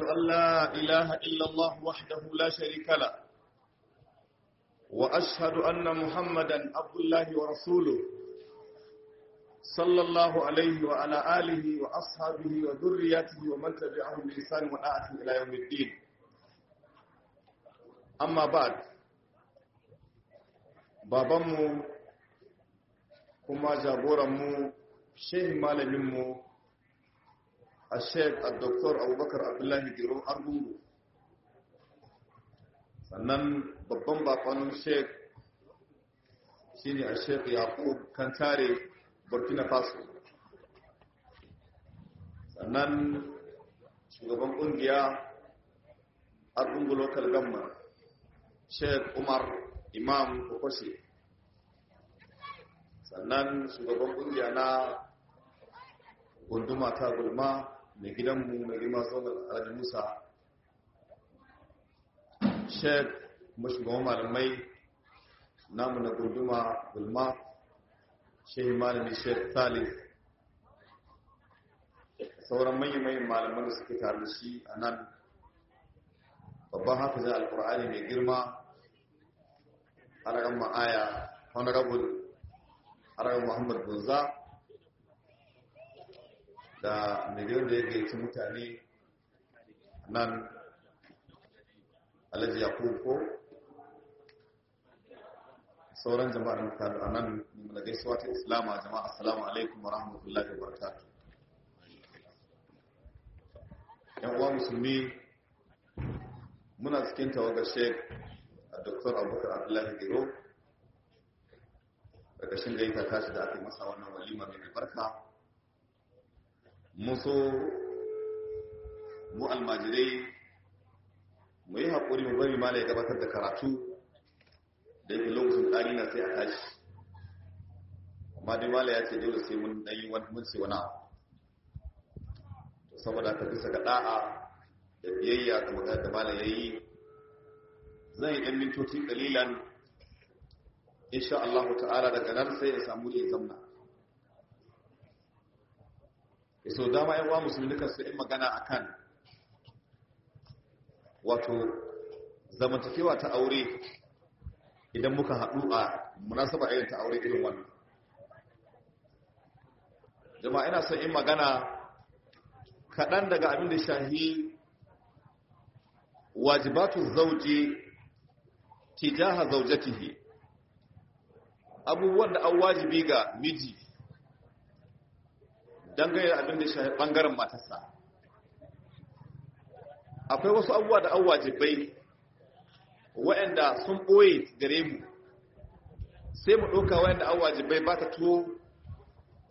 أن لا إله إلا الله وحده لا شريك له وأشهد أن محمدا عبد الله ورسوله صلى الله عليه وعلى آله وأصحابه وذريته ومن تبعهم بإحسان وآت إلى يوم الدين أما بعد babanmu kuma jagoranmu shehin malaminmu الشيخ الدكتور أبو بكر عبد الله جيرو أرجو sannan babban bakon sheik shine a sheik yaqub kantare burkina faso sannan shugaban kungiya argungu local government sheik umar imam kokoshi sannan shugaban kungiya na gunduma ta gulma mai gidanmu mai girma tsohon alhaji musa shek kuma shugaban malamai namu na gurguma gulma shehi malami shek talib sauran manyan malaman da suke tare da shi a nan babban zai alkur'ani mai girma ragar ma'aya honorable ragar muhammadu zaa da miliyon da ya gaici mutane nan alhaji yakubu ko sauran jama'ar mutane a nan da gaisuwa ta islama jama'a assalamu alaikum wa rahmatullahi wa barakatuh yan musulmi muna cikin tawagar sheik a doktor abubakar abdullahi gero daga gaita tashi da aka yi masa wannan walima mai albarka muso mu almajirai mu yi haƙuri mu bari ma ya gabatar da karatu da yake lokacin ƙari na sai a tashi amma dai mala ya ce dole sai mun ɗan yi mun ce wani abu saboda ka bisa ga ɗa'a da biyayya ga magana da mala ya yi zan yi ɗan mintoci ƙalilan insha Allah ta'ala daga nan sai ya samu ne zamna so dama ma uwa musulmi duka su in magana a kan wato zamantakewa ta aure idan muka haɗu a munasaba irin ta aure irin wannan jama'a ina son in magana kaɗan daga abin da shahi wajibatun zauje tijaha zaujatihi abubuwan da an wajibi ga miji dangane da abin da shi bangaren matarsa akwai wasu abuwa da abuwa jibai waɗanda sun ɓoye gare mu sai mu ɗauka waɗanda abuwa jibai ba ta tuwo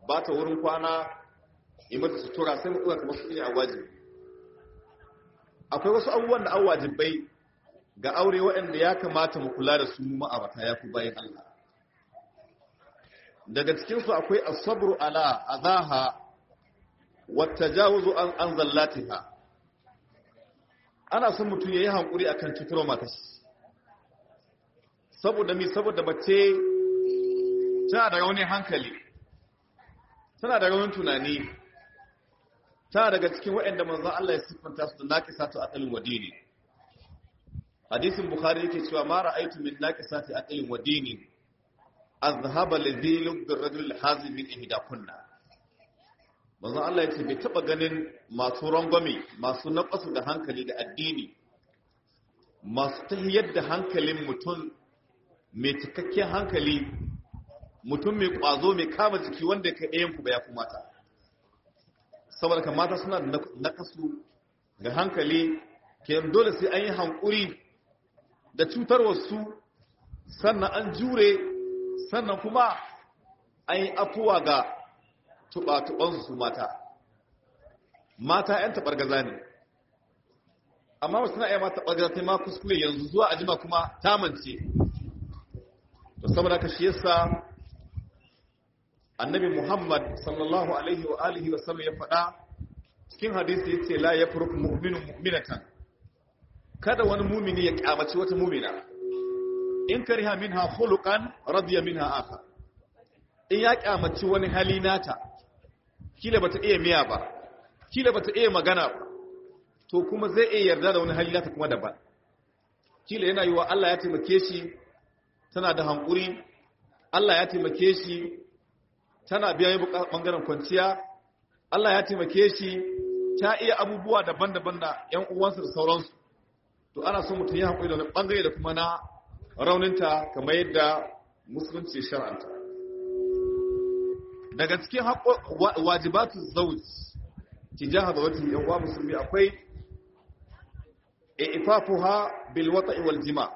ba ta wurin kwana yi mata sutura sai mu ɗauka kamar su iya a akwai wasu abubuwan da abuwa jibai ga aure waɗanda ya kamata mu kula da su bata ya fi bayan Allah daga cikinsu akwai asabru ala azaha wata jawuzu an an zallatiha ana son mutum ya yi hankuri a kan cutarwa matashi saboda mi saboda mace tana da raunin hankali tana da raunin tunani tana daga cikin waɗanda manzan Allah ya siffanta su da naƙisa a aƙalin wadini hadisin bukhari yake cewa ma ra'aitu min naƙisa ta aƙalin wadini azhaba lidhilul rajul hazim min ihdakunna manzo Allah ya ce bai taba ganin masu rangwame masu naƙasu da hankali da addini masu tahiyar da hankalin mutum mai cikakken hankali mutum mai ƙwazo mai kama jiki wanda ya kai ɗayan ku ba ya kumata saboda ka mata suna da naƙasu da hankali ke dole sai an yi hankuri da cutar wasu sannan an jure sannan kuma an yi afuwa ga tuba-tubansu su mata mata 'yan taɓargaza ne amma wasu na iya mata taɓargaza ta ma kuskure yanzu zuwa a jima kuma tamance to saboda ka shi annabi muhammad sallallahu alaihi wa alihi wa sallam ya faɗa cikin hadisi ya ce la furuk mu'minatan kada wani mumini ya kyamaci wata mumina in kariha minha khuluqan radiya minha akhar in ya kyamaci wani hali nata kila bata iya miya ba kila bata iya magana ba to kuma zai iya yarda da wani hali ta kuma daban kila yana yiwa Allah ya taimake shi tana da hankuri Allah ya taimake shi tana biya bangaren kwanciya Allah ya taimake shi ta iya abubuwa daban-daban da 'yan uwansa da sauransu to ana son mutum ya haƙuri da wani bangare da kuma na rauninta kamar yadda musulunci shar'anta daga cikin wajibatu jaha tijaha zawatin yan wa musulmi akwai ifafuha bil wata'i wal jima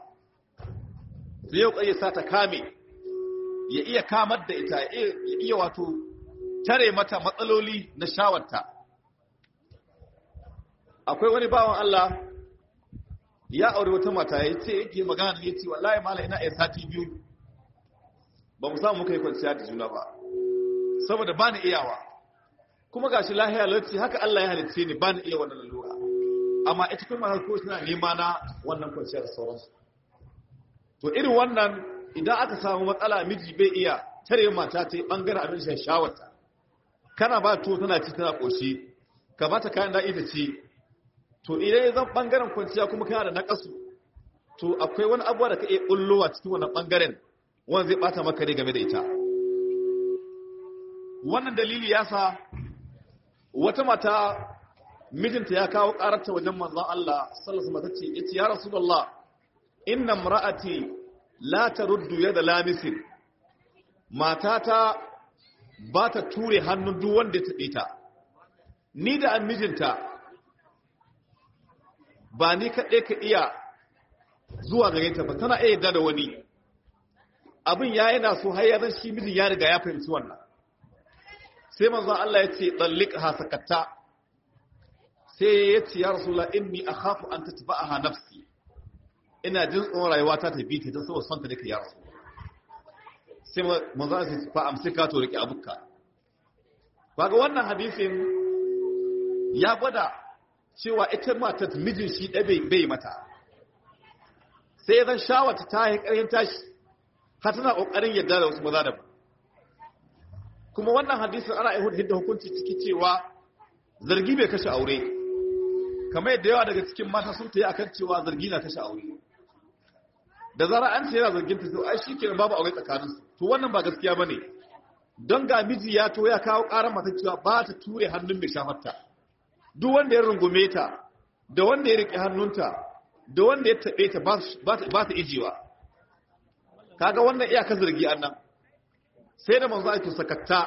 zai yau sa ta kame ya iya kamar da ita ya iya wato tare mata matsaloli na shawarta akwai wani bawan Allah ya aure wata mata ya ce yake magana ne ce wallahi mala ina ya sati biyu ba mu samu muka yi kwanciya da juna ba saboda ba ni iyawa kuma gashi lahiya lokaci haka Allah ya halitta ni ba ni iya wannan lalura amma ita kuma har ko suna nema na wannan kwanciyar sauransu to irin wannan idan aka samu matsala miji bai iya tare mata ta bangare abin shan shawarta kana ba to tana ci tana koshi ka ba ta kayan daɗi ta ce. to idan ya zan bangaren kwanciya kuma kana da nakasu to akwai wani abuwa da ka iya a cikin wannan bangaren wanda zai bata maka ne game da ita wannan dalili ya sa wata mata mijinta ya kawo ƙararta wajen manzan Allah sallallahu alaihi wasallam ce ya rasulullah inna imra'ati la taruddu yada lamisin matata ba ta ture hannun duk wanda ya taɓe ta ni da an mijinta ba ni kaɗai ka iya zuwa gare ta ba tana iya da wani abin ya yana so har zan shi mijin ya riga ya fahimci wannan sai manzo Allah ya ce dalliqha sakatta sai ya ce ya rasulullah inni akhafu an tatba'aha nafsi ina jin tsoron rayuwa ta tafi ta ta saboda son ta nake ya rasu sai manzo Allah ya ce fa amsika to rike abuka kaga wannan hadisin ya gwada cewa ita matar mijin shi ɗabe bai mata sai zan shawarta ta yi ƙarfin tashi har tana ƙoƙarin yadda da wasu maza da ba kuma wannan hadisin ana yi da hukunci ciki cewa zargi bai kashe aure kamar yadda yawa daga cikin mata sun ta yi akan cewa zargi na kashe aure da zara an tsaye yana zargin ta ai shi kenan babu aure tsakanin su to wannan ba gaskiya ba ne. don ga miji ya to ya kawo karar mata cewa ba ta ture hannun mai shafarta duk wanda ya rungume ta da wanda ya riƙe hannunta da wanda ya taɓe ta ba ta ijiwa kaga wannan iyaka zargi annan sai da manzo ake sakatta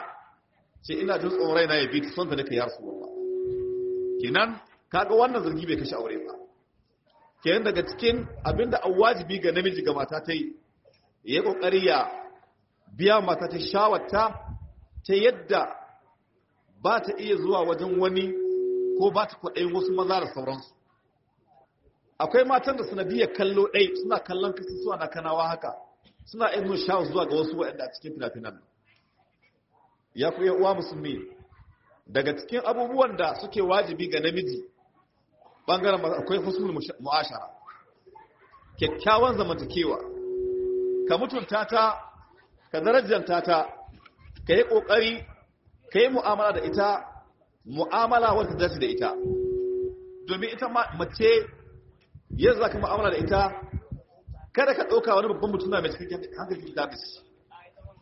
ce ina jin tsorai na ya bi son da nake yarsu rasulullah kenan kaga wannan zargi bai kashe aure ba kenan daga cikin abinda awajibi wajibi ga namiji ga mata ta yi ya kokari ya biya mata ta shawarta ta yadda ba ta iya zuwa wajen wani ko ba ta kwaɗayin wasu maza da sauransu akwai matan da sanadiyar kallo ɗai suna kallon kasu suwa na kanawa haka suna irin shawar zuwa ga wasu waɗanda a cikin finafinan ya ku uwa musulmi daga cikin abubuwan da suke wajibi ga namiji ɓangaren akwai husnul mu'ashara kyakkyawan zamantakewa ka mutunta ta ka darajanta ta ka yi ƙoƙari ka yi mu'amala da ita mu'amala wadda ta dace da ita domin ita mace yadda za ka mu'amala da ita kada ka ɗauka wani babban mutum na mai cikin hankali labis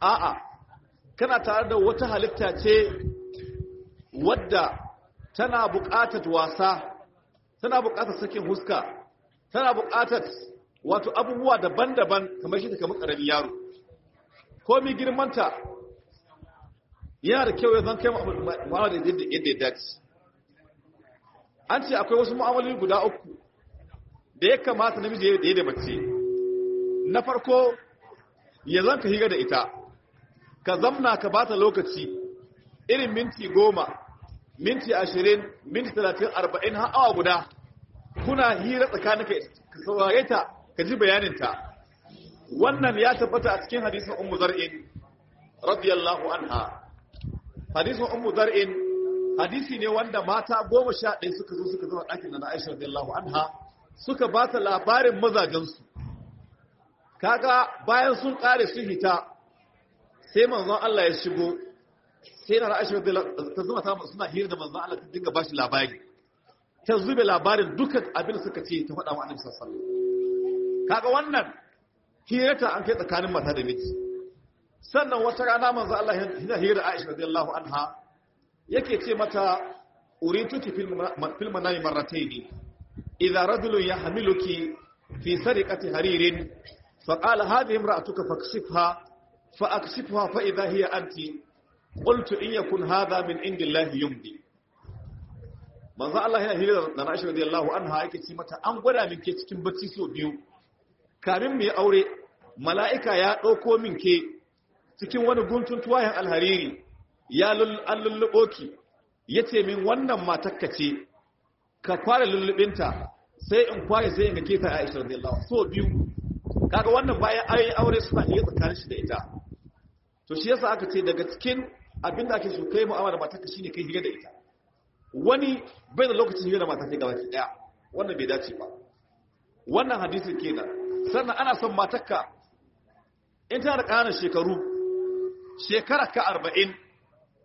a'a kana tare da wata halitta ce wadda tana buƙatar wasa tana buƙatar sakin huska tana buƙatar wato abubuwa daban-daban kamar shi ta kamar ƙaramin yaro komi girmanta yana da kyau ya zan kai ma'amala da yadda ya dace an ce akwai wasu mu'amaloli guda uku da ya kamata namiji da ya da mace na farko ya zan ka higa da ita ka zamna ka bata lokaci irin minti goma minti ashirin minti talatin arba'in har awa guda kuna hira tsakanin ka saurare ta ka ji bayaninta wannan ya tabbata a cikin hadisun umu zar'in radiyallahu anha hadisun umu zar'in hadisi ne wanda mata goma sha ɗaya suka zo suka zo a ɗakin na Aisha radiyallahu anha suka ba ta labarin mazajensu kaga bayan sun ƙare sun hita sai manzon Allah ya shigo sai na ra'ashi ta zama ta suna hira da manzon Allah ta dinga bashi labari ta zube labarin dukkan abin da suka ce ta faɗa wa annabi sallallahu alaihi kaga wannan hirata an kai tsakanin mata da miji sannan wata rana manzon Allah ya hira Aisha radiyallahu anha yake ce mata urituki fil manami marratayn idza rajulun yahmiluki fi sariqati haririn فقال هذه امرأتك فاكسفها فأكسفها فإذا هي in ya إن يكن هذا من عند الله يمضي manzo Allah yana hira da Aisha radiyallahu anha yake ce mata an gwada min ke cikin bacci so biyu kamin mu yi aure mala'ika ya ɗauko min ke cikin wani guntun tuwayen alhariri ya lullubo ki yace min wannan matakka ce ka kware lullubinta sai in kware sai in ga ke ta Aisha radiyallahu so biyu kaga wannan bayan ayoyin aure suna iya tsakanin shi da ita to shi yasa aka ce daga cikin abin da ake so kai mu'amala matarka shine kai hira da ita wani bai da lokacin hira da matarka gaba ki daya wannan bai dace ba wannan hadisin kenan sannan ana son matarka in tana da ƙananan shekaru shekara ka arba'in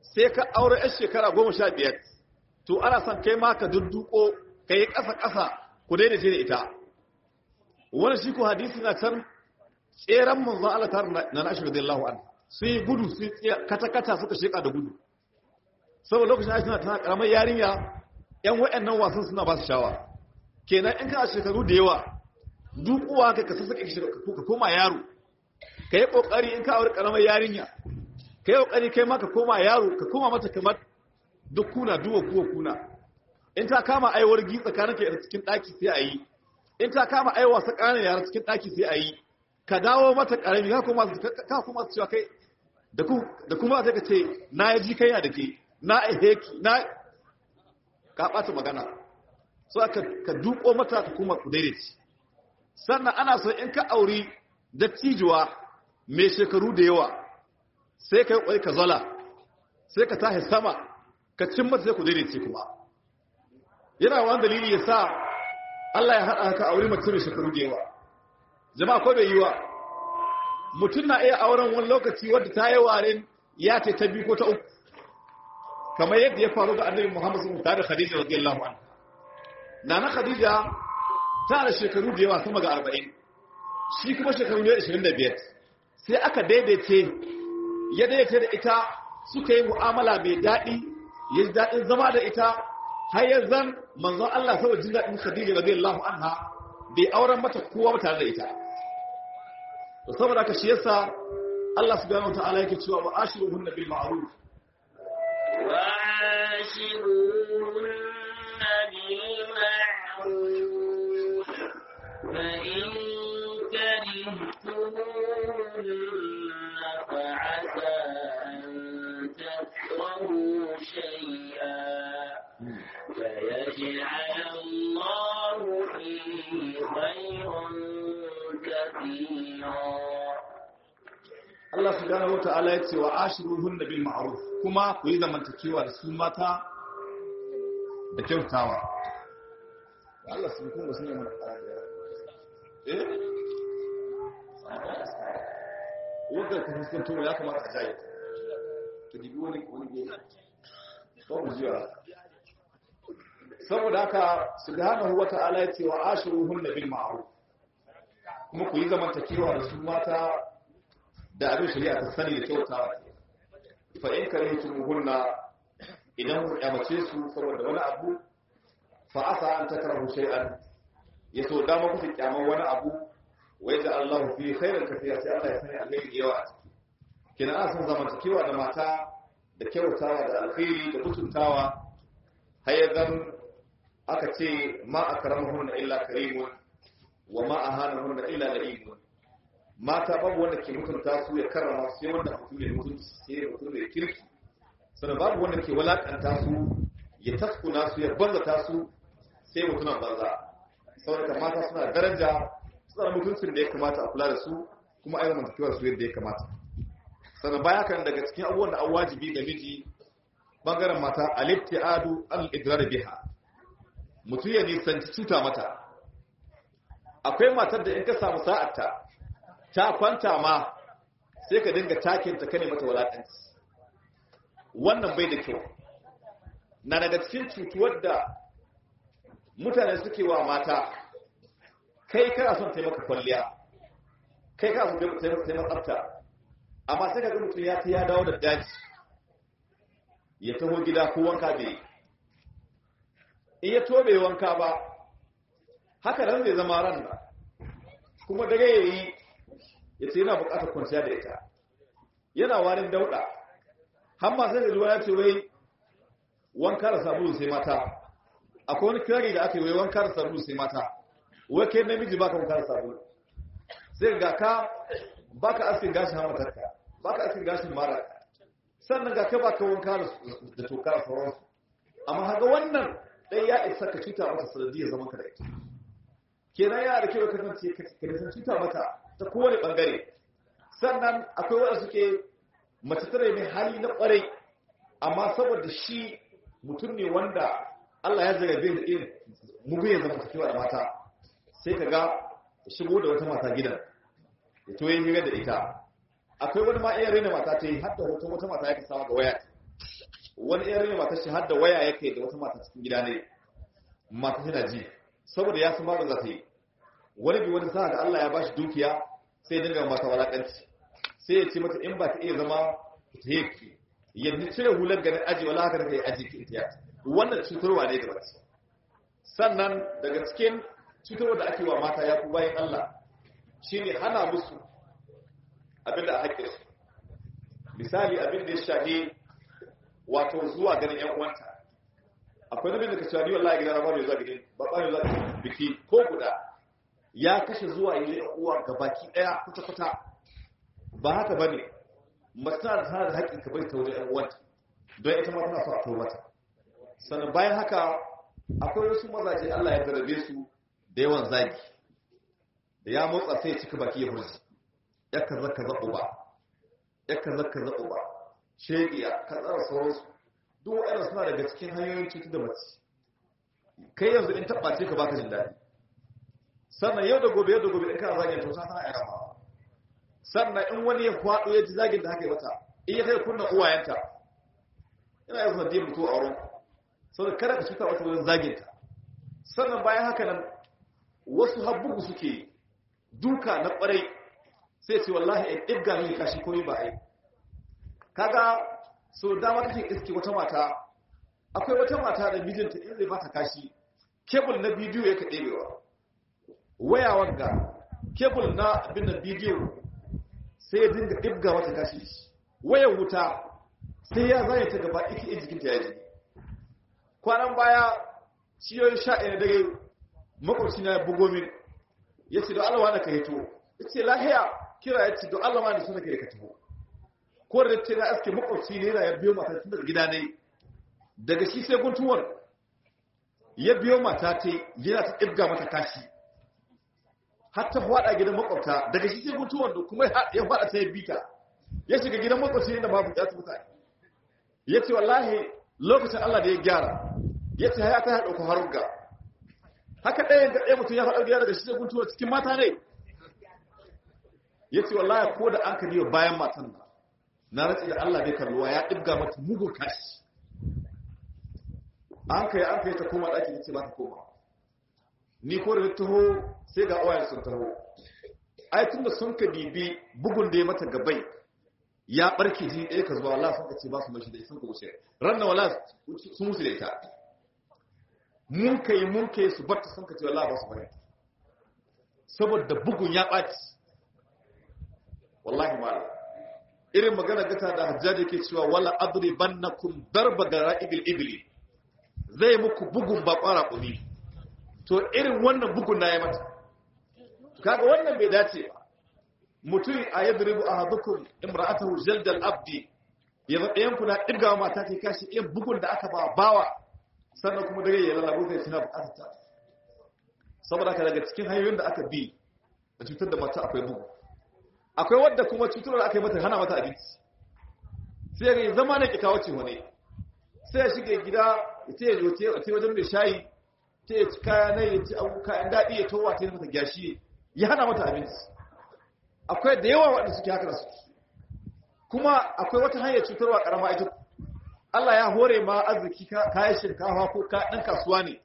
sai ka aure 'yan shekara goma sha biyar to ana son kai ma ka dudduko ka yi ƙasa-ƙasa ku daina ce da ita wani shi ko hadisi na can tseren manzon Allah tar na nashi radiyallahu anhu sai gudu sai kata kata suka sheka da gudu saboda lokacin Aisha na tana karamar yarinya yan nan wasan suna ba su shawa kenan in kana shekaru da yawa duk uwa kai saka sasa ka koma yaro ka yi kokari in ka aure karamar yarinya ka yi kokari kai ma ka koma yaro ka koma mata kamar duk kuna duwa kuwa kuna in ta kama aiwar gi tsakanin ka cikin daki sai a yi in ta kama aiwa wasa ƙarin yara cikin ɗaki sai a yi ka dawo mata ƙarami ka kuma su cewa kai da kuma sai ka ce na ya ji kai da ke na heki na ka ɓata magana so ka duko mata ta kuma ku ci sannan ana so in ka auri dattijuwa mai shekaru da yawa sai ka yi ƙwai ka zala sai ka tahi sama ka cin mata sai ku ci kuma yana wani dalili ya sa Allah ya haɗa haka a wuri mutum shekaru da yawa jama'a ko bai yi wa mutum na iya auren wani lokaci wadda ta yi warin ya ce ta biyu ko ta uku kamar yadda ya faru ga annabi Muhammad sallallahu alaihi da Khadija radiyallahu anha nana Khadija ta da shekaru da yawa sama ga 40 shi kuma shekaru ne 25 sai aka daidaice ya daidaice da ita suka yi mu'amala mai daɗi ya ji daɗin zama da ita har ya zan manzon Allah saboda jin daɗin Khadija radiyallahu anha bai auren mata kowa ba tare da ita to saboda haka shi yasa Allah subhanahu wa ta'ala yake cewa wa ashiruhunna bil ma'ruf wa ashiruhunna bil ma'ruf subhanahu ta'ala ya ce wa ashiruhun da bil ma'ruf kuma ku yi zamantakewa da su mata da kyautawa Allah su kuma wasu ne mana fara da eh wanda ka fuskanto ya kamata a jayi ta dibi wani wani ko jiya saboda haka subhanahu wa ta'ala ya ce wa ashiruhun da bil ma'ruf kuma ku yi zamantakewa da su mata da abin shari'a ta sani da kyautawa ke fa in karihtum hunna idan ku kyamace su saboda wani abu fa asa an takrahu shay'an yaso dama ku kyaman wani abu wai da Allah fi khairin kafiya sai Allah ya sani alheri yawa kina an san zamantakewa da mata da kyautawa da alkhairi da mutuntawa hayazan aka ce ma akramuhunna illa karimun wa ma ahanahunna illa la'imun mata babu wanda ke mutunta su ya karama sai wanda mutum ne mutum, sai mutum ne kirki sannan babu wanda ke walakanta su ya taskuna su ya banzata su sai mutumin banza saboda mata suna daraja suna mutuncin da ya kamata a kula da su kuma a yi zamantakewar su yadda ya kamata sannan baya kan daga cikin abubuwan da awajibi wajibi da miji bangaren mata adu al-idrar biha mutum ya nisanci cuta mata akwai matar da in ka samu sa'arta ta kwanta ma sai ka dinga takinta kane mata walakanci wannan bai da kyau na daga cikin cutuwar da mutane suke wa mata kai kana son taimaka kwalliya kai kana son taimaka tsafta amma sai ka ga mutum ya ta ya dawo da daji ya taho gida ko wanka bai in ya tobe wanka ba haka nan zai zama ran kuma daga yayi ya ce yana bukatar kwanciya da ita yana warin dauɗa hamma sai da zuwa ya ce wai wanka da sabulu sai mata akwai wani kirari da aka yi wai wanka da sabulu sai mata wai kai namiji baka wanka da sabulu sai ga ka baka askin gashin hamatarka baka askin gashin mara sannan ga ka baka wanka da toka sauran su amma haga wannan ɗaya ya isa ka cuta masa sanadiyar zama ka da ita kenan ya da kyau kasance ka nisan cuta mata ta kowane bangare sannan akwai wanda suke mace tare mai hali na kwarai amma saboda shi mutum ne wanda Allah ya zagabe da irin mugun zama zamantakewa da mata sai ka ga shigo da wata mata gidan da to yin da ita akwai wani ma iya rena mata ta yi hadda hoton wata mata ya kasa ga waya wani iya rena mata shi hadda waya yake da wata mata cikin gida ne mata tana ji saboda ya ba da za ta yi wani bi wani sa da Allah ya bashi dukiya sai dinga mata walakanci sai ya ce mata in ba ta iya zama ta yake yadda cire hular ganin aji wala haka kai aji ki ita wannan cutarwa ne gaba ce sannan daga cikin cutarwa da ake wa mata ya ku bayan Allah shi ne hana musu abin da haƙƙe su misali abin da ya shahi wato zuwa ganin yan uwanta akwai nabin da ka shahi wallahi gidan ramar mai zuwa gidan ba ba zuwa biki ko guda ya kashe zuwa yi da uwa ga baki daya kuta-kuta ba haka ba ne matsala da tana da haƙƙi ka bai ta wajen uwanta don ita ma nasu a ta mata sannan bayan haka akwai wasu mazaje Allah ya zarabe su da yawan zagi da ya motsa sai cika baki ya hurzi ya kaza kaza uba ya kaza kaza uba shegiya ka tsara sauransu duk waɗanda suna daga cikin hanyoyin cutar da mace kai yanzu in taɓa ce ka baka jin daɗi sannan yau da gobe yau da gobe in kana zagin to san tana yarawa sannan in wani ya kwaɗo ya ji zagin da haka yi wata in ya kai kunna uwayenta ina yi zan mutu a wurin Sannan kada ka cuta wata wurin zagin ta sannan bayan haka nan wasu habbugu suke duka na ƙwarai sai ce wallahi eh, a ibga ne kashi yi ba yi kaga so dama kake iske wata mata akwai wata mata da mijinta in zai ba ta kashi kebul na bidiyo ya ka ɗebewa Waya wanga kebul na abin da bidiyo sai ya dinga ɗibga wata gashi waya wuta sai ya zai ta gaba iki in jikinta ya kwanan baya ciyoyin sha ɗaya dare makwarci na ya bugo min ya ce don alawa na ka hito ya ce lahiya kira ya ce don alawa na suna ke da ka tuho?" ko da ce na aske makwarci ne ya biyo mata tun daga gida ne daga shi sai guntuwar ya biyo mata ta yana ta ɗibga mata kashi har ta fada gidan makwabta daga shi sai mutuwar da kuma ya fada ta ya bita ya shiga gidan makwabci inda babu ya mutane ya ce wallahi lokacin Allah da ya gyara ya ce haya ta ku dauko ga haka ɗaya ga ɗaya mutum ya faɗa gyara da shi sai mutuwar cikin mata ne ya ce wallahi ko da an ka diba bayan matan na na rantsi da Allah bai kalluwa ya ɗibga mata mugun kashi an ka yi an ka yi ta koma ɗaki ya ce ba ta koma ni ko da taho sai ga oil sun taho ai tunda sun ka dibi bugun da ya mata gabai ya barki jini ɗaya ka zuwa wala sun ka ce ba su mashi da sun ka wuce ranar wala sun musu da ita mun ka yi mun ka yi su barta sun ka ce wala ba su bari saboda bugun ya ɓaci wallahi ma irin magana gata da hajjaji ke cewa wala adribannakum darba ga ra'ibil ibli zai muku bugun ba ƙwara ƙumi to irin wannan bugun na ya mata kaga wannan bai dace ba mutum a yadribu ahadukum imra'atahu jaldal abdi ya zaɓe ku na ɗirga mata ke kashi iya bugun da aka ba bawa sannan kuma dare ya lalabo kai suna bukata ta saboda ka daga cikin hanyoyin da aka bi da cutar da mata akwai bugu akwai wadda kuma cutar da aka yi mata hana mata abinci sai ya zama na kika kawo ce sai ya shiga gida ya ce ya ce wajen mai shayi ta yi ci kaya na ya ta abuka inda daɗi ya towa ta yi mata gyashi ya hana mata abinci akwai da yawa waɗanda suke haka da su kuma akwai wata hanyar cutarwa ƙarama ita Allah ya hore ma arziki kayan shirkawa ko ɗan kasuwa ne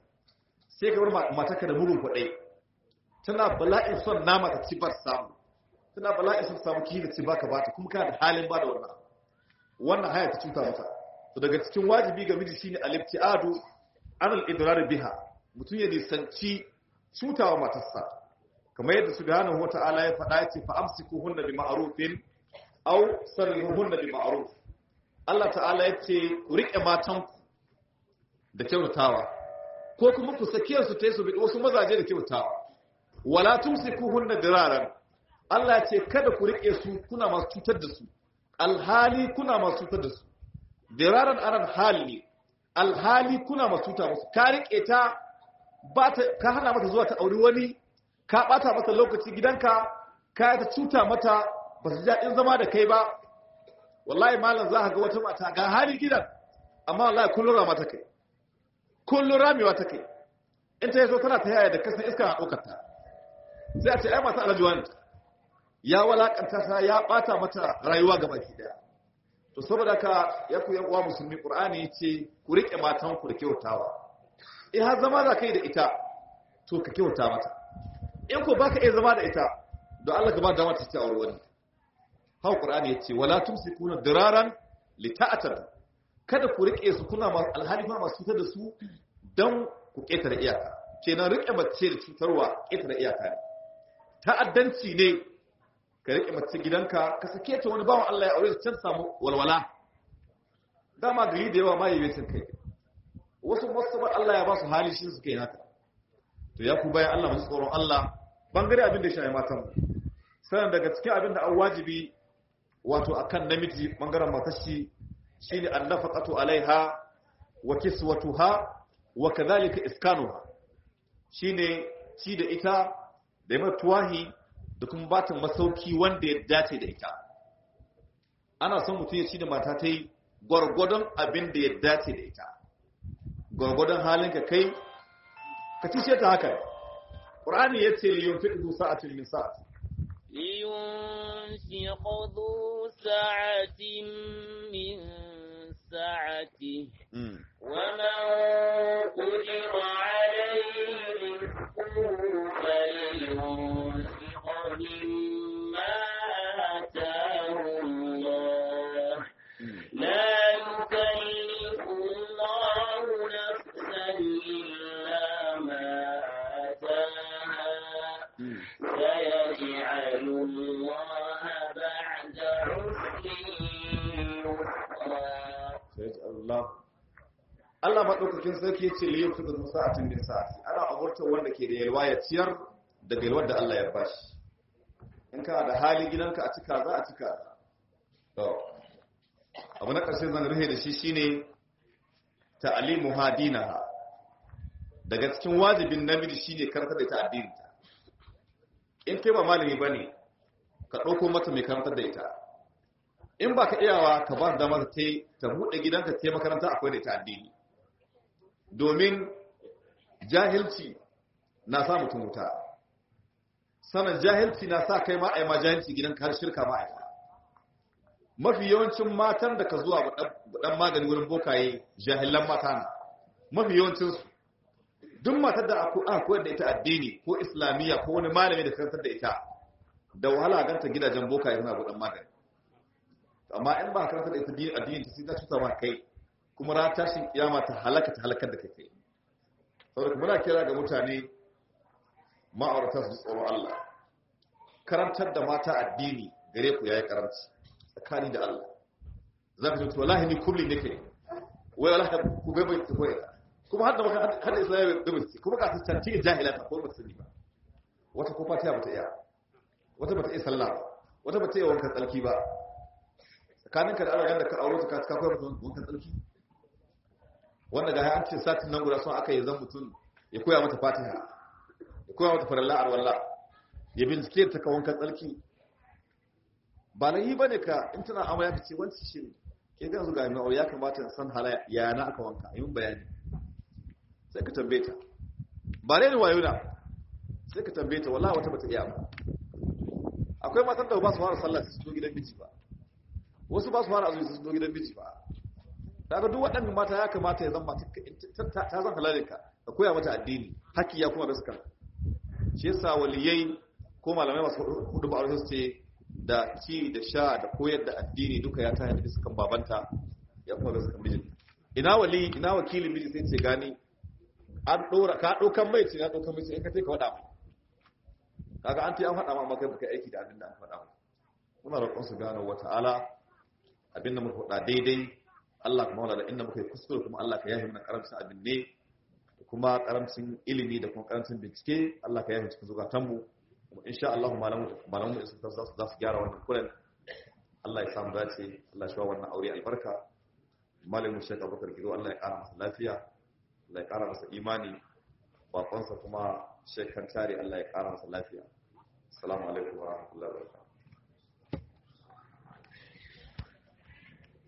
sai ka bar mataka da mugun kwaɗai tana bala'in son nama ta ci samu tana bala'in son samu ki da ci ba ta kuma kana da halin ba da wannan wannan hanyar ta cuta mata to daga cikin wajibi ga miji shine alibtiadu an al-idrar biha mutum ya nisanci cutawa matarsa kamar yadda wata ala ya faɗa ce fa hunna bi ma'rufin aw hunna bi ma'ruf Allah ta'ala ya ku rike matanku da kyautawa ko kuma ku sake su tayi su bi wasu mazaje da kyautawa wala hunna diraran Allah ce kada ku rike su kuna masu cutar da su alhali kuna masu cutar da su diraran aran hali alhali kuna masu cuta musu ka rike ta ka hana mata zuwa ta auri wani ka bata mata lokaci gidanka ka ta cuta mata ba su daɗin zama da kai ba wallahi malam za ka ga wata mata ga hali gidan amma wallahi kullum rama ta kai kullum ramewa ta kai in ta yi tana ta yaya da kasan iska a ta? sai a ce ai mata alajuwa ne ya walakanta ta ya bata mata rayuwa ga ki daya to saboda ka ya ku yan uwa musulmi ƙur'ani ce ku riƙe matan ku da kyautawa in har zama za ka yi da ita to ka kyauta mata in ko baka iya zama da ita don Allah ka ba dama ta ta aure wani hau qur'ani yace wala tumsikuna diraran lita'atar kada ku rike su kuna masu alhalifa masu fitar da su don ku ƙetare iyaka kenan rike mace da cutarwa ƙetare iyaka ne ta'addanci ne ka rike mace gidanka ka sake ta wani bawan Allah ya aure ta can samu walwala dama gari da yawa ma yayin kai wasu wasu Allah ya ba su hali shi suka yi haka to ya ku bayan Allah masu tsoron Allah bangare abin da ya matan sanan daga cikin abin da an wajibi wato akan namiji bangaren matar shi ne shine annafaqatu alaiha wa ha wa ka ha, shi ne ci da ita da yi tuwahi da kuma bata masauki wanda ya dace da ita ana son mutum ya ci da mata ta yi gwargwadon abin da ya dace da ita gwargwadon halinka kai ka ci ta haka ƙur'ani ya ce liyon fi ɗu sa'atin min sa'ati liyon fi ƙudu sa'atin min sa'ati wa ma ƙudira alayhi rizquhu Allah maɗaukakin sarki ya ce liyo su da musa a cikin sa'ati ana abortar wanda ke da yalwa ya ciyar da yalwar da Allah ya bashi in ka da hali gidanka a cika za a cika abu na ƙarshe zan rufe da shi shine ta'alimu hadinaha daga cikin wajibin namiji shine karanta da ita addininta in kai ba malami bane ka ɗauko mata mai karanta da ita in ba ka iyawa ka ba da damar ta ta buɗe gidanka ta makaranta akwai da ita addini domin jahilci na sa mutum wuta sanan jahilci na sa kai ma'ai ma jahilci gidan har shirka ma'aika. mafi yawancin matan da ka zuwa dan magani wurin bokaye jahilan mata na mafi yawancinsu duk matar da a koyar da ita addini ko islamiyya ko wani malami da karantar da ita da wahala ganta gidajen bokaye suna buɗan magani amma in ba karantar da ita addini ta sai za su ma kai kuma ra tashin kiyama ta halaka ta halakar da kai kai saboda muna kira ga mutane ma'aurata su tsoro Allah karantar da mata addini gare ku yayi karanci tsakani da Allah za ku to wallahi ni kulli nake wai wallahi ku bai bai koyi kuma har da maka har da bai bai kuma ka ta tantin jahila ta ko ba sani ba wata ta fatiha bata iya wata bata iya sallah wata bata iya wanka tsalki ba ka da Allah da ka aure ta ka koyar da wanka tsalki wanda ga an ce satin nan guda sun aka yi zan mutum ya koya mata fatiha ya koya mata la'ar wallah ya bincike ta kawon kan tsarki ba na yi ne ka in tana amma ya fice wancan shi ne, ke ga zuga mai ya kamata ya san hala ya na aka wanka yi bayani sai ka tambaye ta ba ne ni wayo na sai ka tambaye ta wallah wata bata iya ba akwai matan da ba su fara sallah su zo gidan miji ba wasu ba su fara azumi su zo gidan miji ba daga duk waɗannan mata ya kamata ya zama ta zan ka, da koya mata addini haƙƙi ya kuma biska shi yasa waliyai ko malamai masu hudu ba a ce da ci da sha da koyar da addini duka ya tayar da sukan babanta ya kuma biskan mijin ina wali ina wakilin miji sai ce gani an ɗora ka ɗokan mai ce na ɗokan mai ce in ka ce ka waɗa. mai kaga an ce an faɗa ma amma kai aiki da abin da an faɗa mai muna roƙon su gano wa ta'ala abin da muka faɗa daidai Allah kuma wala da inda muka yi kuskure kuma Allah ka yafe mana karamcin abin ne da kuma karamcin ilimi da kuma karamcin bincike Allah ka yafe cikin zukatan mu kuma insha Allah malamu malamu mu sun za su gyara wannan kuren Allah ya samu dace Allah ya shiga wannan aure albarka malamin Sheikh Abubakar Gido Allah ya kara masa lafiya Allah ya kara masa imani bakonsa kuma Sheikh tari, Allah ya kara masa lafiya assalamu alaikum wa rahmatullahi wa barakatuh